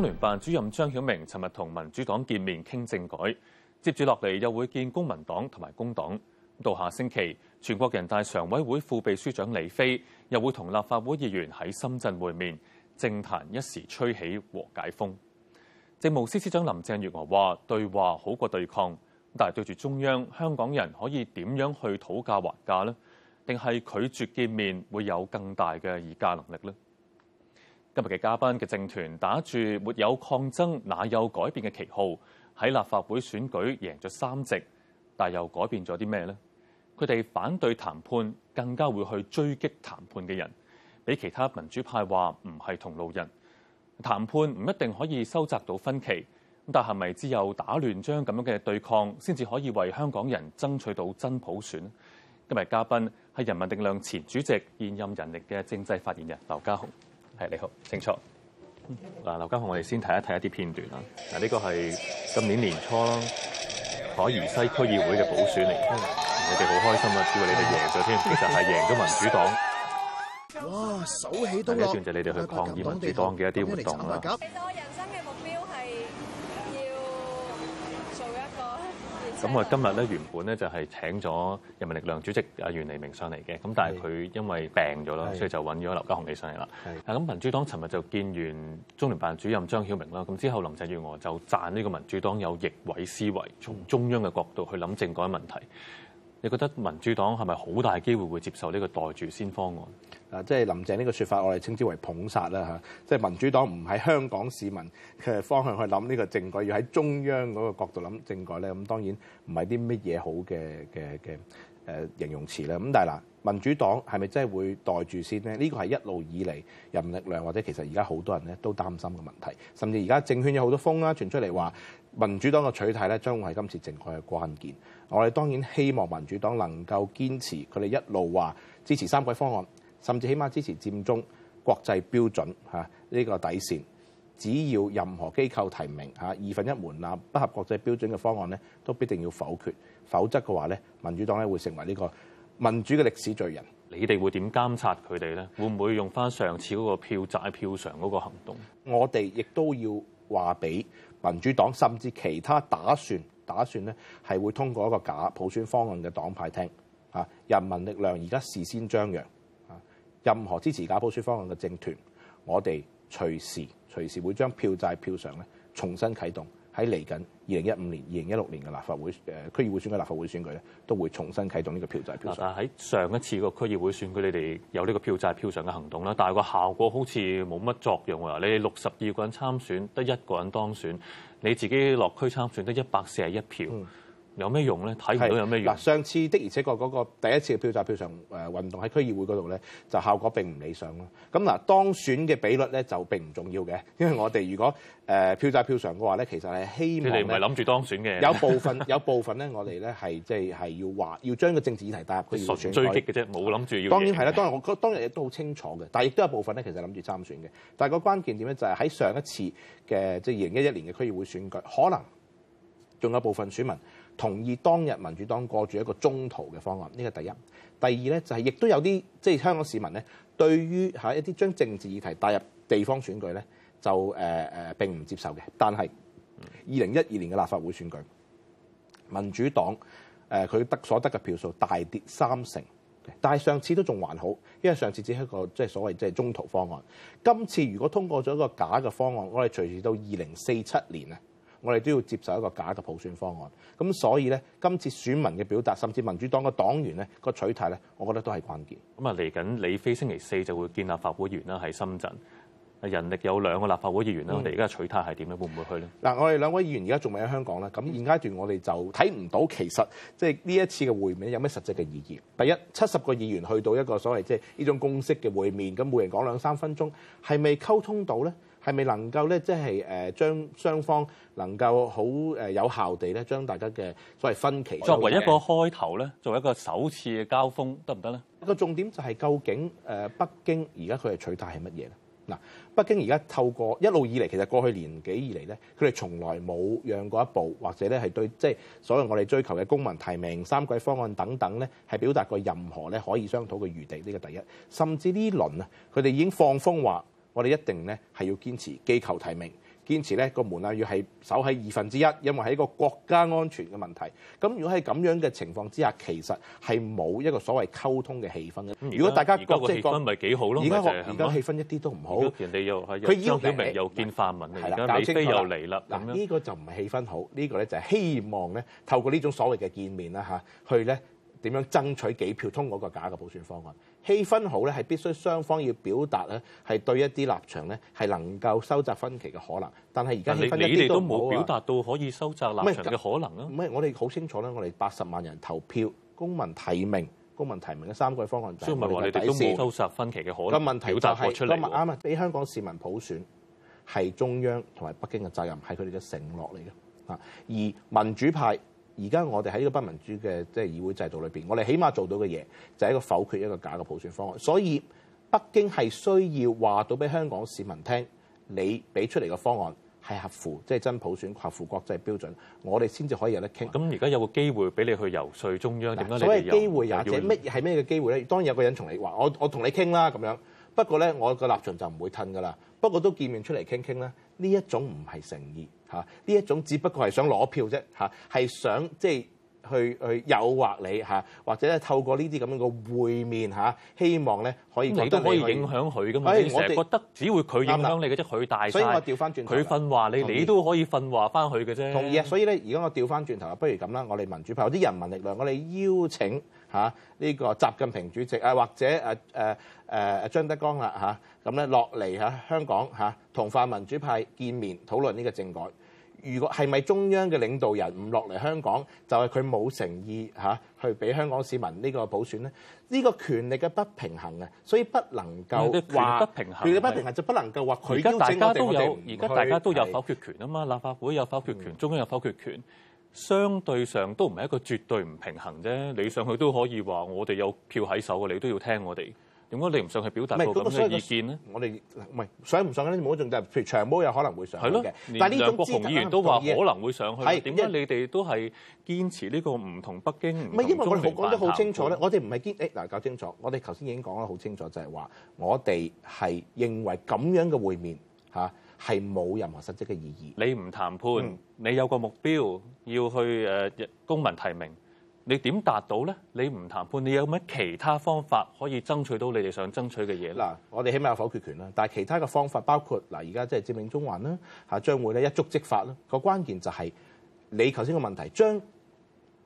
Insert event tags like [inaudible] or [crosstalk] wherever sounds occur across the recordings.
中聯辦主任張曉明尋日同民主黨見面傾政改，接住落嚟又會見公民黨同埋工黨。到下星期，全國人大常委會副秘書長李飛又會同立法會議員喺深圳會面，政壇一時吹起和解風。政務司司長林鄭月娥話：對話好過對抗，但係對住中央，香港人可以點樣去討價還價呢？定係拒絕見面會有更大嘅議價能力呢？今日嘅嘉賓嘅政團打住沒有抗爭，哪有改變嘅旗號，喺立法會選舉贏咗三席，但又改變咗啲咩呢？佢哋反對談判，更加會去追擊談判嘅人，比其他民主派話唔係同路人。談判唔一定可以收窄到分歧，但係咪只有打亂章咁樣嘅對抗，先至可以為香港人爭取到真普選？今日嘉賓係人民力量前主席、現任人力嘅政制發言人劉嘉鴻。係你好，清楚。嗱、嗯，劉嘉鴻，我哋先睇一睇一啲片段啦。嗱，呢個係今年年初海怡西區議會嘅補選嚟嘅，我哋好開心啊，以為你哋贏咗添，其實係贏咗民主黨。哇，手起第一段就係你哋去抗議民主黨嘅一啲活動啦。咁我今日咧原本咧就係請咗人民力量主席阿袁彌明上嚟嘅，咁但係佢因為病咗囉，所以就揾咗劉嘉鴻起上嚟啦。係啊，咁民主黨尋日就見完中聯辦主任張曉明啦，咁之後林鄭月娥就讚呢個民主黨有逆位思維，從中央嘅角度去諗政改問題。你覺得民主黨係咪好大機會會接受呢個待住先方案？啊，即係林鄭呢個說法，我哋稱之為捧殺啦嚇。即係民主黨唔喺香港市民嘅方向去諗呢個政改，要喺中央嗰個角度諗政改咧。咁當然唔係啲乜嘢好嘅嘅嘅。誒形容詞咧，咁但係嗱，民主黨係咪真係會袋住先呢？呢個係一路以嚟人力量或者其實而家好多人咧都擔心嘅問題。甚至而家政圈有好多風啦，傳出嚟話民主黨嘅取替咧，將會係今次政改嘅關鍵。我哋當然希望民主黨能夠堅持佢哋一路話支持三軌方案，甚至起碼支持佔中國際標準嚇呢個底線。只要任何機構提名嚇二分一門檻不合國際標準嘅方案咧，都必定要否決。否則嘅話咧，民主黨咧會成為呢個民主嘅歷史罪人。你哋會點監察佢哋呢？會唔會用翻上次嗰個票債票償嗰個行動？我哋亦都要話俾民主黨甚至其他打算打算呢係會通過一個假普選方案嘅黨派聽啊！人民力量而家事先張揚啊！任何支持假普選方案嘅政團，我哋隨時隨時會將票債票償咧重新啟動。喺嚟緊二零一五年、二零一六年嘅立法會誒區議會選舉、立法會選舉咧，都會重新啟動呢個票債票償。喺上一次個區議會選舉，你哋有呢個票債票償嘅行動啦，但係個效果好似冇乜作用啊！你六十二個人參選，得一個人當選，你自己落區參選得一百四十一票。嗯有咩用咧？睇唔到有咩用嗱。上次的而且確嗰個第一次嘅票債票償誒運動喺區議會嗰度咧，就效果並唔理想咯。咁嗱，當選嘅比率咧就並唔重要嘅，因為我哋如果誒、呃、票債票償嘅話咧，其實係希望你哋唔係諗住當選嘅。有部分有部分咧，我哋咧係即係係要話要將個政治議題帶入區選追擊嘅啫，冇諗住。要當然係啦，當日我當日亦都好清楚嘅，但係亦都有部分咧，其實諗住參選嘅。但係個關鍵點咧就係、是、喺上一次嘅即係二零一一年嘅區議會選舉，可能仲有部分選民。同意當日民主黨過住一個中途嘅方案，呢個第一。第二呢，就係亦都有啲即係香港市民呢，對於一啲將政治議題帶入地方選舉呢，就誒誒、呃、並唔接受嘅。但係二零一二年嘅立法會選舉，民主黨誒佢得所得嘅票數大跌三成，但係上次都仲還好，因為上次只係一個即係所謂即係中途方案。今次如果通過咗一個假嘅方案，我哋隨時到二零四七年啊！我哋都要接受一個假嘅普選方案，咁所以咧，今次選民嘅表達，甚至民主黨嘅黨員咧個取態咧，我覺得都係關鍵。咁啊，嚟緊李飛星期四就會見立法會議員啦，喺深圳，人力有兩個立法會議員啦、嗯，我哋而家取態係點咧？會唔會去咧？嗱、嗯，我哋兩位議員而家仲未喺香港啦，咁現階段我哋就睇唔到其實即係呢一次嘅會面有咩實際嘅意義。第一，七十個議員去到一個所謂即係呢種公式嘅會面，咁每人講兩三分鐘，係咪溝通到咧？係咪能夠咧，即係誒將雙方能夠好誒有效地咧，將大家嘅所謂分歧作為一個開頭咧，作為一個首次嘅交鋒得唔得咧？行不行，個重點就係究竟誒北京而家佢嘅取態係乜嘢咧？嗱，北京而家透過一路以嚟，其實過去年幾以嚟咧，佢哋從來冇讓過一步，或者咧係對即係、就是、所謂我哋追求嘅公民提名三軌方案等等咧，係表達過任何咧可以商討嘅餘地，呢個第一。甚至呢輪啊，佢哋已經放風話。我哋一定咧係要堅持機構提名，堅持咧個門檻要係守喺二分之一，因為係一個國家安全嘅問題。咁如果喺咁樣嘅情況之下，其實係冇一個所謂溝通嘅氣氛。如果大家國即係國咪幾好咯，而家氣氛一啲都唔好。人哋又係張曉明又見泛民，係啦，李飛又嚟啦。嗱，呢、這個就唔係氣氛好。呢、這個咧就係希望咧透過呢種所謂嘅見面啦，吓去咧點樣爭取幾票通過個假嘅補選方案。氣氛好咧，係必須雙方要表達咧，係對一啲立場咧，係能夠收窄分歧嘅可能。但係而家氣氛一啲都冇、啊。都沒有表達到可以收窄立場嘅可能啦、啊。唔係我哋好清楚咧，我哋八十萬人投票，公民提名，公民提名嘅三個方案就係去抵消收窄分歧嘅可能，表達過出嚟。今日啱啊，俾香港市民普選係中央同埋北京嘅責任，係佢哋嘅承諾嚟嘅啊。而民主派。而家我哋喺呢個不民主嘅即係議會制度裏邊，我哋起碼做到嘅嘢就係一個否決一個假嘅普選方案。所以北京係需要話到俾香港市民聽，你俾出嚟嘅方案係合乎，即係真普選合乎國際標準，我哋先至可以有得傾。咁而家有個機會俾你去游說中央，點解你有機會啊？或者咩係咩嘅機會咧？當然有個人同你話，我我同你傾啦咁樣。不過咧，我個立場就唔會褪噶啦。不過都見面出嚟傾傾啦。呢一種唔係誠意，呢一種只不過係想攞票啫，係想即係去去誘惑你，或者咧透過呢啲咁樣嘅會面，希望咧可以都可，可以影響佢噶嘛。你成日覺得只會佢影響你嘅啫，佢大曬。所以我調翻轉頭，佢訓話你，你都可以訓話翻佢嘅啫。同意啊！所以咧，而家我調翻轉頭，不如咁啦，我哋民主派有啲人民力量，我哋邀請。嚇、啊、呢、呢個習近平主席啊，或者誒誒誒張德江啊，嚇、啊，咁咧落嚟嚇香港嚇同泛民主派見面討論呢個政改。如果係咪中央嘅領導人唔落嚟香港，就係佢冇誠意嚇、啊、去俾香港市民呢個普選咧？呢、呢個權力嘅不平衡啊，所以不能夠話權力不平衡，不平衡就不能夠話佢。而家大家都有，而家大家都有否決權啊嘛，立法會有否決權，中央有否決權。相對上都唔係一個絕對唔平衡啫，你上去都可以話我哋有票喺手啊，你都要聽我哋。點解你唔上去表達個意見咧？那個那個？我哋唔係上唔上咧冇咁重要，譬如長毛有可能會上去嘅。係咯。但係呢種議員都話可能會上去，點解你哋都係堅持呢個唔同北京，唔係因為我哋好講得好清楚咧，我哋唔係堅。誒、哎、嗱，搞清楚，我哋頭先已經講得好清楚，就係話我哋係認為咁樣嘅會面嚇。啊係冇任何實質嘅意義。你唔談判，嗯、你有個目標要去誒公民提名，你點達到呢？你唔談判，你有咩其他方法可以爭取到你哋想爭取嘅嘢？嗱，我哋起碼有否決權啦。但係其他嘅方法包括嗱，而家即係佔領中環啦，下將會咧一觸即發啦。個關鍵就係你頭先個問題，將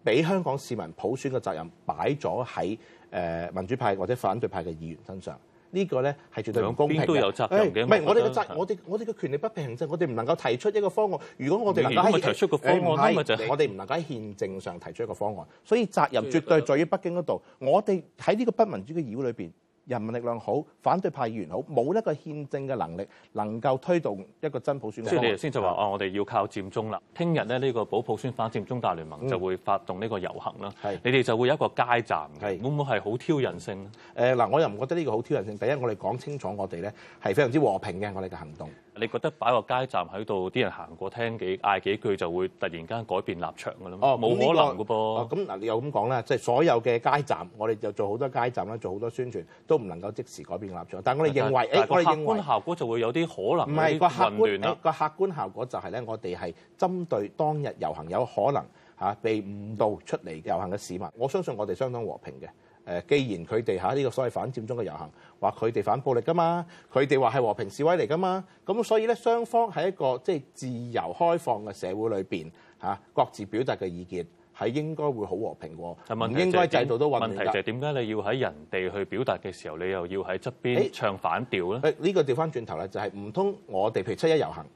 俾香港市民普選嘅責任擺咗喺誒民主派或者反對派嘅議員身上。呢、這個呢係絕對唔公平嘅。邊都有責任、唔係、哎、我哋嘅責任，我哋嘅權利不平衡，我哋唔能夠提出一個方案。如果我哋能夠提出一個方案，哎不就是、我哋唔能夠喺憲政上提出一個方案。所以責任絕對在於北京嗰度。我哋喺呢個不民主嘅議會裏面。人民力量好，反對派議員好，冇一個憲政嘅能力，能夠推動一個真普選。即係你頭先就話哦，我哋要靠佔中啦。聽日咧呢、這個保普選反佔中大聯盟就會發動呢個遊行啦。係、嗯，你哋就會有一個街站，會唔會係好挑釁性咧？誒、呃、嗱，我又唔覺得呢個好挑釁性。第一，我哋講清楚我們呢是，我哋咧係非常之和平嘅我哋嘅行動。你覺得擺個街站喺度，啲人行過聽幾嗌幾句，就會突然間改變立場嘅咧？哦，冇、這個、可能㗎噃。咁、哦、嗱，你又咁講啦，即、就、係、是、所有嘅街站，我哋就做好多街站啦，做好多宣傳。都唔能夠即時改變立場，但我哋認為，欸、我哋客觀效果就會有啲可能唔係個客觀，誒、嗯、個客觀效果就係咧，我哋係針對當日遊行有可能嚇被誤導出嚟嘅遊行嘅市民，我相信我哋相當和平嘅。誒，既然佢哋嚇呢個所謂反佔中嘅遊行，話佢哋反暴力噶嘛，佢哋話係和平示威嚟噶嘛，咁所以咧，雙方喺一個即係自由開放嘅社會裏邊嚇，各自表達嘅意見。係應該會好和平喎。但應該製造都穩定。問題就係點解你要喺人哋去表達嘅時候，你又要喺側邊唱反調咧？誒、欸，呢、欸這個掉返轉頭咧，就係唔通我哋，譬如七一遊行，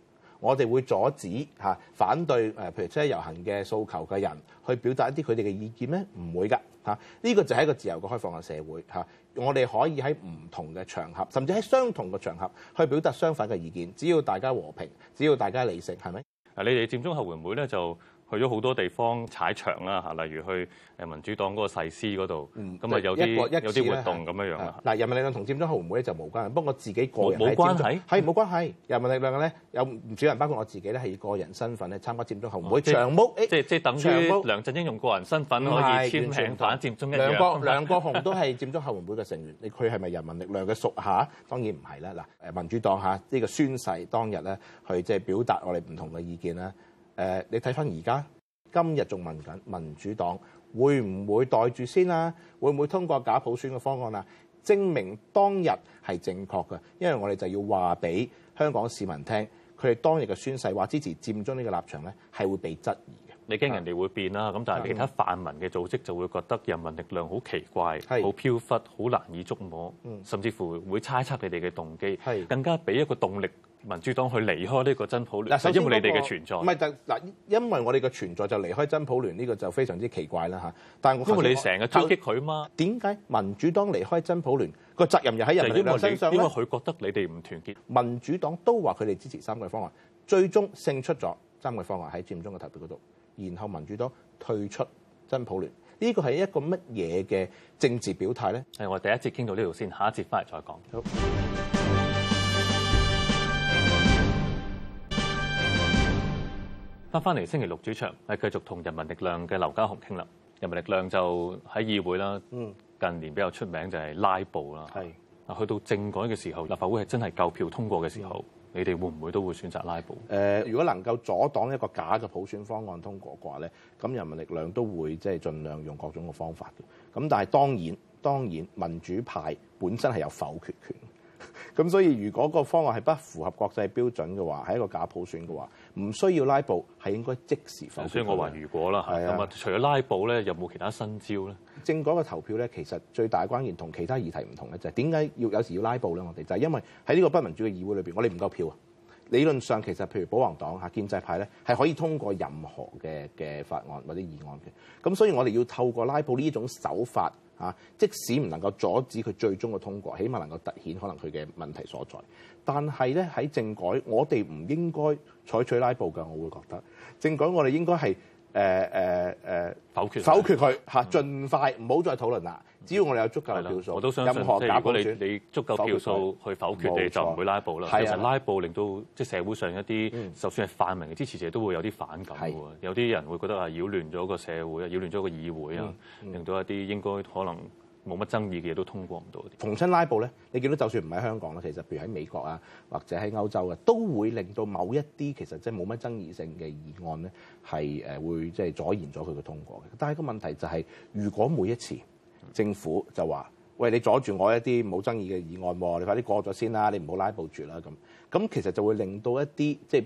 我哋會阻止嚇、啊、反對誒、啊，譬如七一遊行嘅訴求嘅人去表達一啲佢哋嘅意見咧？唔會㗎嚇。呢、啊這個就係一個自由嘅開放嘅社會嚇、啊。我哋可以喺唔同嘅場合，甚至喺相同嘅場合，去表達相反嘅意見，只要大家和平，只要大家理性，係咪？嗱，你哋佔中後援會唔會咧就。去咗好多地方踩場啦嚇，例如去誒民主黨嗰、嗯、個誓師嗰度，咁啊有啲有啲活動咁樣樣嗱，人民力量同佔中後援會咧就無關。不過我自己個人係佔中，冇關係。係冇關係。人民力量咧有唔少人，包括我自己咧，係個人身份咧參加佔中後援會。長毛誒，即長毛即，即等長毛。梁振英用個人身份可以簽名反佔中一樣。梁國、梁國雄都係佔中後援會嘅成員，你佢係咪人民力量嘅屬下？當然唔係啦。嗱，誒民主黨嚇呢個宣誓當日咧，去即係表達我哋唔同嘅意見啦。你睇翻而家今日仲問緊民主黨會唔會袋住先啦？會唔會，會，會通過假普選嘅方案啊？證明當日係正確嘅，因為我哋就要話俾香港市民聽，佢哋當日嘅宣誓話支持佔中呢個立場咧，係會被質疑嘅。你驚人哋會變啦，咁但係其他泛民嘅組織就會覺得人民力量好奇怪、好飄忽、好難以捉摸，甚至乎會猜測你哋嘅動機，更加俾一個動力。民主黨去離開呢個真普聯，嗰個、係因為你哋嘅存在。唔係嗱，因為我哋嘅存在就離開真普聯呢、呢個就非常之奇怪啦嚇。但係因為你成日狙擊佢嘛，點解民主黨離開真普聯？呢個責任又喺人哋身上，因為佢覺得你哋唔團結。民主黨都話佢哋支持三個方案，最終勝出咗三個方案喺佔中嘅投票嗰度，然後民主黨退出真普聯，呢、呢個係一個乜嘢嘅政治表態咧？係我第一節傾到呢度先，下一節翻嚟再講。好翻返嚟星期六主場係繼續同人民力量嘅劉嘉鴻傾啦。人民力量就喺議會啦、嗯，近年比較出名就係拉布啦。係啊，去到政改嘅時候，立法會係真係夠票通過嘅時候，你哋會唔會都會選擇拉布？誒、呃，如果能夠阻擋一個假嘅普選方案通過嘅話，咧，咁人民力量都會即係盡量用各種嘅方法嘅。咁但係當然，當然民主派本身係有否決權。咁 [laughs] 所以如果個方案係不符合國際標準嘅話，係一個假普選嘅話，唔需要拉布，係應該即時否決。所以我話如果啦，係啊，除咗拉布咧，有冇其他新招咧？政改嘅投票咧，其實最大關鍵同其他議題唔同咧，就係點解要有時要拉布咧？我哋就係因為喺呢個不民主嘅議會裏面，我哋唔夠票啊。理論上其實，譬如保皇黨嚇建制派咧，係可以通過任何嘅嘅法案或者議案嘅。咁所以，我哋要透過拉布呢種手法，啊、即使唔能夠阻止佢最終嘅通過，起碼能夠突顯可能佢嘅問題所在。但係咧喺政改，我哋唔應該採取拉布嘅，我會覺得政改我哋應該係誒誒。呃呃否決佢嚇、嗯，盡快唔好再討論啦。只要我哋有足夠的票數的，我都相信。即係如果你你足夠的票數否否去否決你，你就唔會拉布啦。其實，拉布令到即係社會上一啲、嗯，就算係泛民嘅支持者都會有啲反感喎。有啲人會覺得啊，擾亂咗個社會，擾、嗯、亂咗個議會啊、嗯，令到一啲應該可能。冇乜爭議嘅嘢都通過唔到。逢親拉布咧，你見到就算唔喺香港啦，其實譬如喺美國啊，或者喺歐洲啊，都會令到某一啲其實即係冇乜爭議性嘅議案咧，係誒會即係阻延咗佢嘅通過嘅。但係個問題就係、是，如果每一次政府就話，喂，你阻住我一啲冇爭議嘅議案、啊，你快啲過咗先啦、啊，你唔好拉布住啦咁，咁其實就會令到一啲即係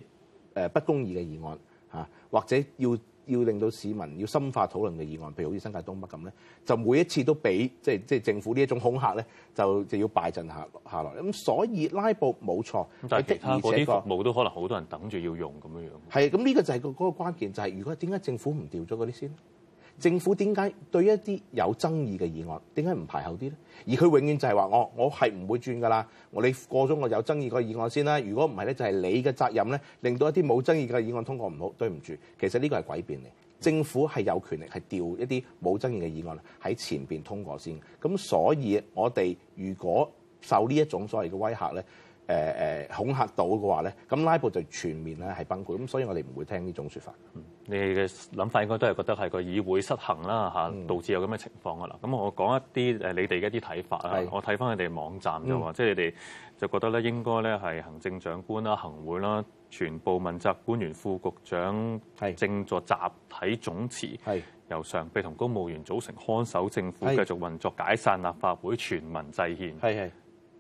誒不公義嘅議案嚇、啊，或者要。要令到市民要深化討論嘅議案，譬如好似新界東北咁咧，就每一次都俾即係即係政府呢一種恐嚇咧，就就要敗陣下落下來。咁所以拉布冇錯，但係其他嗰啲服，服務都可能好多人等住要用咁樣樣。係，咁呢個就係個嗰個關鍵，就係、是、如果點解政府唔調咗嗰啲先。政府點解對一啲有爭議嘅議案，點解唔排後啲呢？而佢永遠就係話：我我係唔會轉㗎喇！我你過咗個有爭議嘅議案先啦。如果唔係呢，就係你嘅責任呢，令到一啲冇爭議嘅議案通過唔好，對唔住。其實呢個係詭辯嚟，政府係有權力係調一啲冇爭議嘅議案喺前邊通過先。咁所以我哋如果受呢一種所謂嘅威嚇呢。誒誒恐嚇到嘅話咧，咁拉布就全面咧係崩潰咁，所以我哋唔會聽呢種説法。你哋嘅諗法應該都係覺得係個議會失衡啦嚇、嗯，導致有咁嘅情況噶啦。咁我講一啲誒，你哋嘅一啲睇法啊。我睇翻佢哋網站就話、嗯，即係你哋就覺得咧，應該咧係行政長官啦、行會啦、全部問責官員、副局長正坐集體總辭，由常秘同公務員組成看守政府，繼續運作，解散立法會，全民制憲，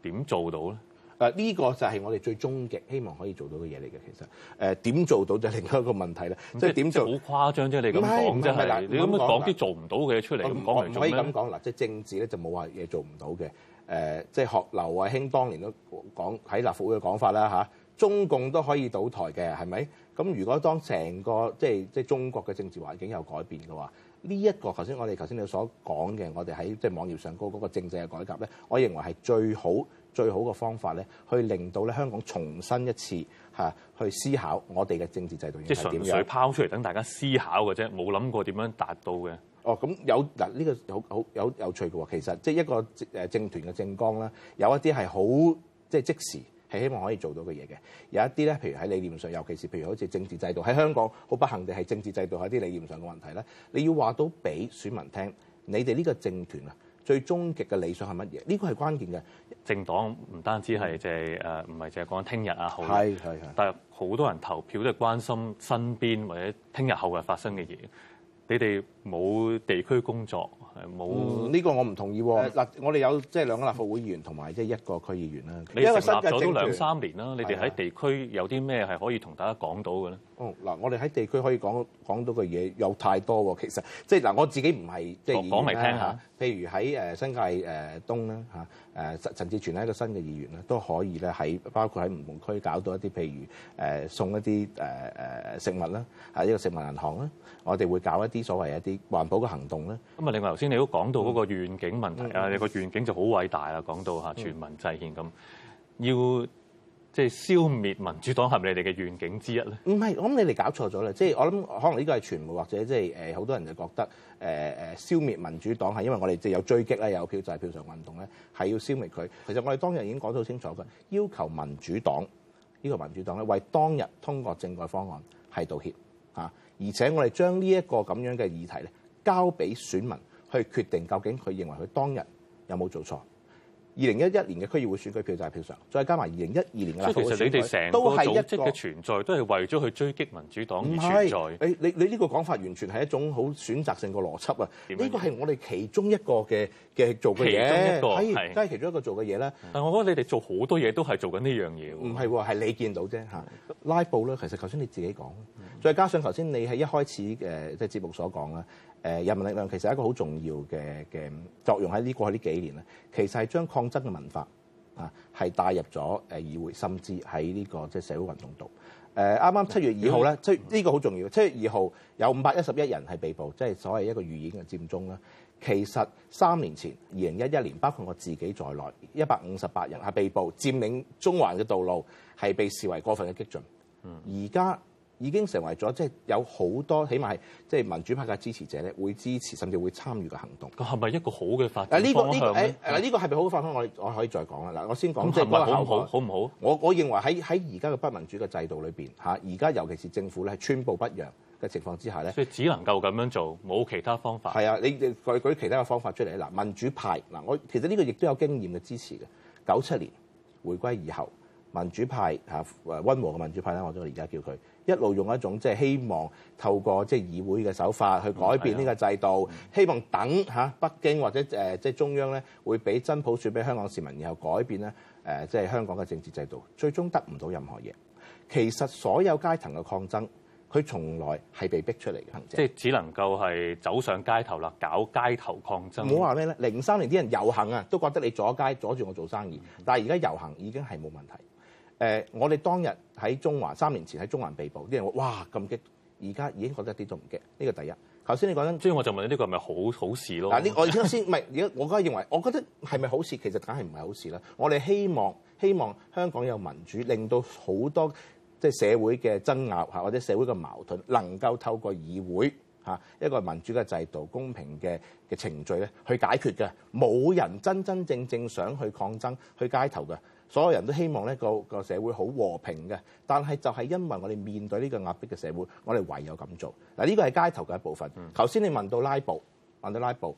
點做到咧？誒、這、呢個就係我哋最終極希望可以做到嘅嘢嚟嘅，其實誒點、呃、做到就另一個問題啦。即係點做？好誇張啫！你咁講真係啦，你咁講啲做唔到嘅嘢出嚟咁講嚟唔可以咁講啦！即係政治咧就冇話嘢做唔到嘅。誒，即係學劉慧卿當年都講喺立法會嘅講法啦嚇、啊，中共都可以倒台嘅，係咪？咁如果當成個即係即係中國嘅政治環境有改變嘅話，呢、這、一個頭先我哋頭先你所講嘅，我哋喺即係網頁上高嗰個政制嘅改革咧，我認為係最好。最好嘅方法咧，去令到咧香港重新一次吓、啊、去思考我哋嘅政治制度，即係點樣去拋出嚟等大家思考嘅啫，冇諗過點樣達到嘅。哦，咁有嗱呢個好好有有趣嘅喎，其實即係一個誒政團嘅政綱啦，有一啲係好即係即時係希望可以做到嘅嘢嘅，有一啲咧，譬如喺理念上，尤其是譬如好似政治制度喺香港好不幸地係政治制度喺啲理念上嘅問題咧，你要話到俾選民聽，你哋呢個政團啊。最終極嘅理想係乜嘢？呢個係關鍵嘅。政黨唔單止係即係誒，唔係淨係講聽日啊，後日。係係係。但係好多人投票都係關心身邊或者聽日後日發生嘅嘢。你哋冇地區工作。冇呢、嗯這個我唔同意喎。嗱、嗯，我哋有即係兩個立法會議員同埋即係一個區議員啦。你成立咗都兩三年啦，你哋喺地區有啲咩係可以同大家講到嘅咧？哦，嗱，我哋喺地區可以講講到嘅嘢有太多喎。其實即係嗱，我自己唔係即係講嚟聽下、啊。譬如喺誒、呃、新界誒、呃、東啦嚇。啊誒陳陳志全一個新嘅議員咧，都可以咧喺包括喺唔同區搞到一啲，譬如誒送一啲誒誒食物啦，係一個食物銀行啦，我哋會搞一啲所謂一啲環保嘅行動咧。咁啊，另外頭先你都講到嗰個願景問題啊、嗯，你個願景就好偉大啊，講到嚇全民制憲咁，要。即係消滅民主黨係咪你哋嘅願景之一咧？唔係，我諗你哋搞錯咗啦！即係我諗，可能呢個係傳媒或者即係誒好多人就覺得誒誒消滅民主黨係因為我哋即係有追擊咧，有票債票上運動咧，係要消滅佢。其實我哋當日已經講得好清楚嘅，要求民主黨呢個民主黨咧，為當日通過政改方案係道歉嚇、啊，而且我哋將呢一個咁樣嘅議題咧，交俾選民去決定究竟佢認為佢當日有冇做錯。二零一一年嘅區議會選舉票就係票上，再加埋二零一二年嘅啦。所以其實你哋成都係一個組織嘅存在，都係為咗去追擊民主黨而存在。你你你呢個講法完全係一種好選擇性嘅邏輯啊！呢個係我哋其中一個嘅嘅做嘅嘢，係都係其中一個做嘅嘢啦。但我覺得你哋做好多嘢都係做緊呢樣嘢。唔係，係你見到啫嚇。拉布啦，其實頭先你自己講，再加上頭先你係一開始嘅即係節目所講啦。誒人民力量其實係一個好重要嘅嘅作用，喺呢過去呢幾年咧，其實係將抗爭嘅文化啊係帶入咗誒議會，甚至喺呢個即係社會運動度。誒啱啱七月二號咧，即係呢個好重要。七月二號有五百一十一人係被捕，即係所謂一個預演嘅佔中啦。其實三年前，二零一一年包括我自己在內一百五十八人係被捕，佔領中環嘅道路係被視為過分嘅激進。嗯，而家。已經成為咗，即係有好多，起碼係即係民主派嘅支持者咧，會支持甚至會參與嘅行動。個係咪一個好嘅發展方向咧？嗱、這個，呢、這個係咪好嘅發展方向？我我可以再講啦。嗱，我先講。咁效果好唔好？我我認為喺喺而家嘅不民主嘅制度裏邊，嚇而家尤其是政府咧係寸步不讓嘅情況之下咧，所以只能夠咁樣做，冇其他方法。係啊，你舉舉其他嘅方法出嚟嗱，民主派嗱，我其實呢個亦都有經驗嘅支持嘅。九七年回歸以後。民主派、啊、溫誒溫和嘅民主派咧，我中意而家叫佢一路用一種即係、就是、希望透過即係議會嘅手法去改變呢個制度，嗯哎、希望等、啊、北京或者、呃、即係中央咧會俾真普選俾香港市民，然後改變咧、呃、即係香港嘅政治制度，最終得唔到任何嘢。其實所有階層嘅抗爭，佢從來係被逼出嚟嘅，即係只能夠係走上街頭啦，搞街頭抗爭。唔好話咩咧？零三年啲人遊行啊，都覺得你阻街阻住我做生意，嗯、但係而家遊行已經係冇問題。誒、呃，我哋當日喺中環三年前喺中環被捕，啲人話哇咁激，而家已經覺得一啲都唔激，呢個第一。頭先你講緊，所以我就問你呢、呢個係咪好好事咯？嗱，呢個先唔係而家，我而家認為，我覺得係咪好事其實梗係唔係好事啦。我哋希望希望香港有民主，令到好多即係社會嘅爭拗嚇或者社會嘅矛盾能夠透過議會嚇一個民主嘅制度、公平嘅嘅程序咧去解決嘅，冇人真真正正想去抗爭去街頭嘅。所有人都希望呢個社會好和平嘅，但係就係因為我哋面對呢個壓迫嘅社會，我哋唯有咁做嗱。呢、呢個係街頭嘅一部分。頭先你問到拉布問到拉布，誒、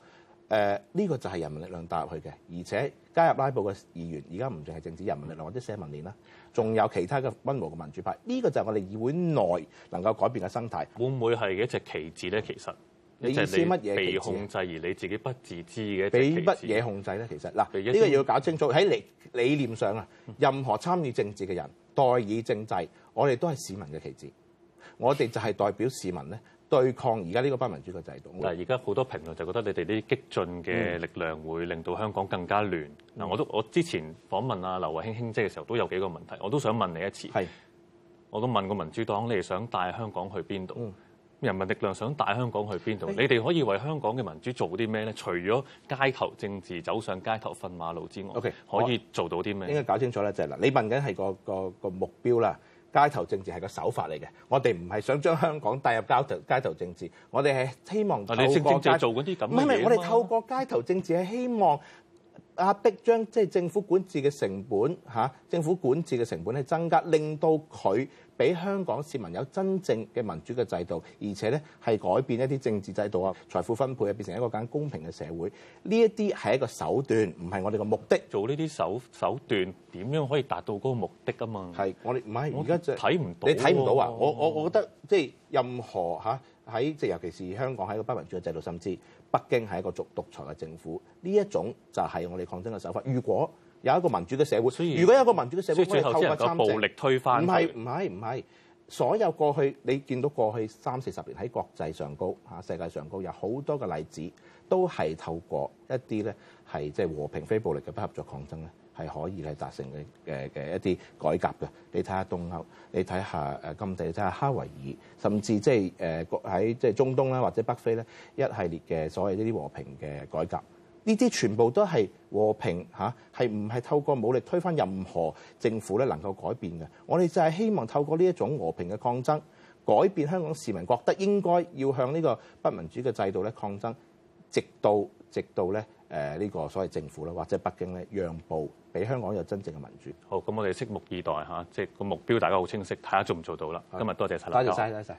呃、呢、呢個就係人民力量帶入去嘅，而且加入拉布嘅議員而家唔淨係政治人民力量或者社民連啦，仲有其他嘅溫和嘅民主派。呢、呢個就係我哋議會內能夠改變嘅生態，會唔會係一隻旗子咧？其實？就是、你意思乜嘢？被控制而你自己不自知嘅，被乜嘢控制咧？其實嗱，呢、這個要搞清楚喺理理念上啊，任何參與政治嘅人，代議政制，我哋都係市民嘅旗幟。我哋就係代表市民咧，對抗而家呢個不民主嘅制度。嗱，而家好多評論就覺得你哋啲激進嘅力量會令到香港更加亂。嗱、嗯，我都我之前訪問阿劉慧卿卿姐嘅時候都有幾個問題，我都想問你一次。係，我都問過民主黨，你哋想帶香港去邊度？嗯人民力量想帶香港去邊度？你哋可以為香港嘅民主做啲咩咧？除咗街頭政治、走上街頭瞓馬路之外，okay, 可以做到啲咩？應該搞清楚咧，就係、是、嗱，你問緊係個個個目標啦。街頭政治係個手法嚟嘅，我哋唔係想將香港帶入街頭街頭政治，我哋係希望你透過街你正正做唔係唔係，我哋透過街頭政治係希望。壓迫將即係政府管治嘅成本嚇、啊，政府管治嘅成本係增加，令到佢俾香港市民有真正嘅民主嘅制度，而且咧係改變一啲政治制度啊、財富分配啊，變成一個更加公平嘅社會。呢一啲係一個手段，唔係我哋嘅目的。做呢啲手手段，點樣可以達到嗰個目的吖嘛？係，我哋唔係而家就睇唔到，你睇唔到啊？哦、我我我覺得即係任何嚇喺即係尤其是香港喺一個不民主嘅制度，甚至。北京係一個獨獨裁嘅政府，呢一種就係我哋抗爭嘅手法。如果有一個民主嘅社會，如果有一個民主嘅社會所以可以透過參政，最後暴力推翻，唔係唔係唔係，所有過去你見到過去三四十年喺國際上高嚇世界上高有好多嘅例子，都係透過一啲咧係即係和平非暴力嘅不合作抗爭咧。係可以係達成嘅嘅嘅一啲改革嘅，你睇下東歐，你睇下誒甘地，睇下哈維爾，甚至即係誒喺即係中東啦或者北非咧一系列嘅所謂呢啲和平嘅改革，呢啲全部都係和平嚇，係唔係透過武力推翻任何政府咧能夠改變嘅？我哋就係希望透過呢一種和平嘅抗爭，改變香港市民覺得應該要向呢個不民主嘅制度咧抗爭，直到直到咧。誒、這、呢個所謂政府啦，或者北京咧，讓步俾香港有真正嘅民主。好，咁我哋拭目以待吓，即係個目標大家好清晰，睇下做唔做到啦。今日多謝晒立道。多謝多謝多謝多謝。